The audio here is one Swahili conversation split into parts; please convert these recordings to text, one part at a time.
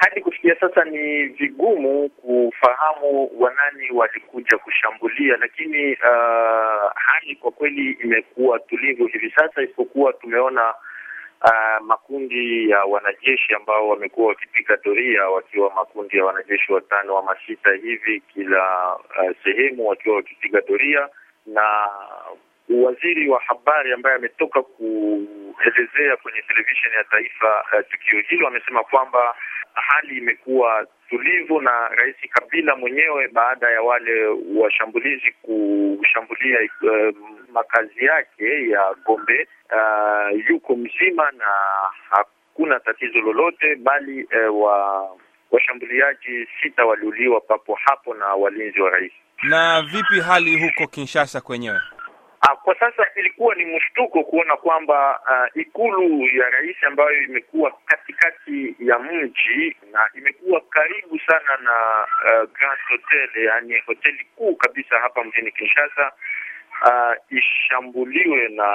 hadi kufikia sasa ni vigumu kufahamu wanani walikuja kushambulia, lakini uh, hali kwa kweli imekuwa tulivu hivi sasa, isipokuwa tumeona uh, makundi ya wanajeshi ambao wamekuwa wakipiga doria wakiwa makundi ya wanajeshi watano ama sita hivi kila uh, sehemu wakiwa wakipiga doria na waziri wa habari ambaye ametoka kuelezea kwenye televisheni ya taifa uh, tukio hilo amesema kwamba hali imekuwa tulivu, na Rais Kabila mwenyewe baada ya wale washambulizi kushambulia uh, makazi yake ya Gombe uh, yuko mzima na hakuna tatizo lolote, bali uh, wa washambuliaji sita waliuliwa papo hapo na walinzi wa rais. Na vipi hali huko Kinshasa kwenyewe? Ah, kwa sasa ilikuwa ni mshtuko kuona kwamba uh, ikulu ya rais ambayo imekuwa katikati ya mji na imekuwa karibu sana na uh, Grand Hotel, yani hoteli kuu kabisa hapa mjini Kinshasa uh, ishambuliwe na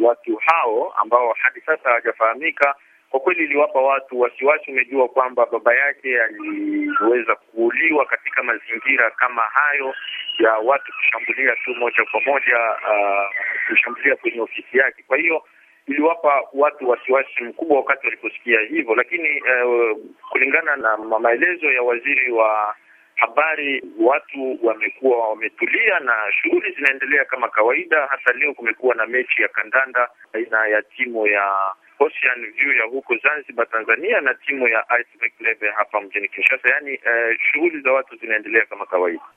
watu hao ambao hadi sasa hawajafahamika kwa kweli iliwapa watu wasiwasi. Umejua kwamba baba yake aliweza kuuliwa katika mazingira kama hayo ya watu kushambulia tu moja kwa moja, uh, kushambulia kwenye ofisi yake. Kwa hiyo iliwapa watu wasiwasi mkubwa wakati waliposikia hivyo, lakini uh, kulingana na maelezo ya waziri wa habari, watu wamekuwa wametulia na shughuli zinaendelea kama kawaida. Hata leo kumekuwa na mechi ya kandanda baina ya timu ya Ocean View ya huko Zanzibar, Tanzania na timu ya Ice Level hapa mjini Kinshasa. Yaani uh, shughuli za watu zinaendelea kama kawaida.